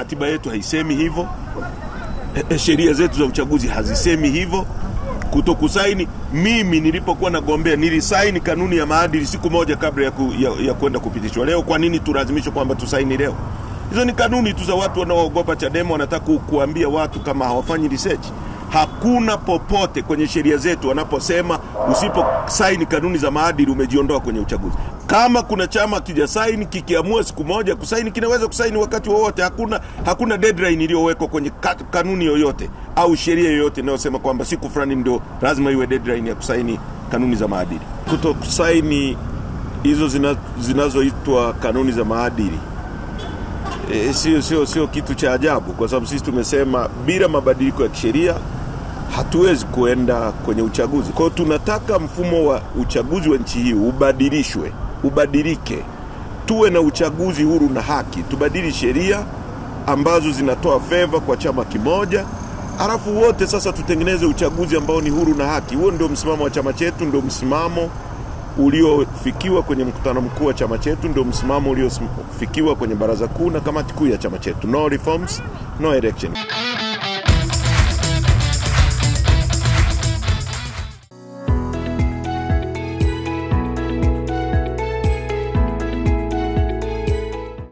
katiba yetu haisemi hivyo e, e, sheria zetu za uchaguzi hazisemi hivyo kutokusaini mimi nilipokuwa nagombea nilisaini kanuni ya maadili siku moja kabla ya, ku, ya, ya kwenda kupitishwa leo kwa nini tulazimishwe kwamba tusaini leo hizo ni kanuni tu za watu wanaoogopa chadema wanataka kuambia watu kama hawafanyi research Hakuna popote kwenye sheria zetu wanaposema usiposaini kanuni za maadili umejiondoa kwenye uchaguzi. Kama kuna chama kija saini kikiamua siku moja kusaini, kinaweza kusaini wakati wowote. Hakuna, hakuna deadline iliyowekwa kwenye kanuni yoyote au sheria yoyote inayosema kwamba siku fulani ndio lazima iwe deadline ya kusaini kanuni za maadili. Kuto kusaini hizo zinazoitwa kanuni za maadili eh, sio sio sio kitu cha ajabu, kwa sababu sisi tumesema bila mabadiliko ya kisheria hatuwezi kuenda kwenye uchaguzi. Kwa hiyo tunataka mfumo wa uchaguzi wa nchi hii ubadilishwe, ubadilike, tuwe na uchaguzi huru na haki, tubadili sheria ambazo zinatoa feva kwa chama kimoja halafu wote sasa tutengeneze uchaguzi ambao ni huru na haki. Huo ndio msimamo wa chama chetu, ndio msimamo uliofikiwa kwenye mkutano mkuu wa chama chetu, ndio msimamo uliofikiwa kwenye baraza kuu na kamati kuu ya chama chetu. No reforms, no election.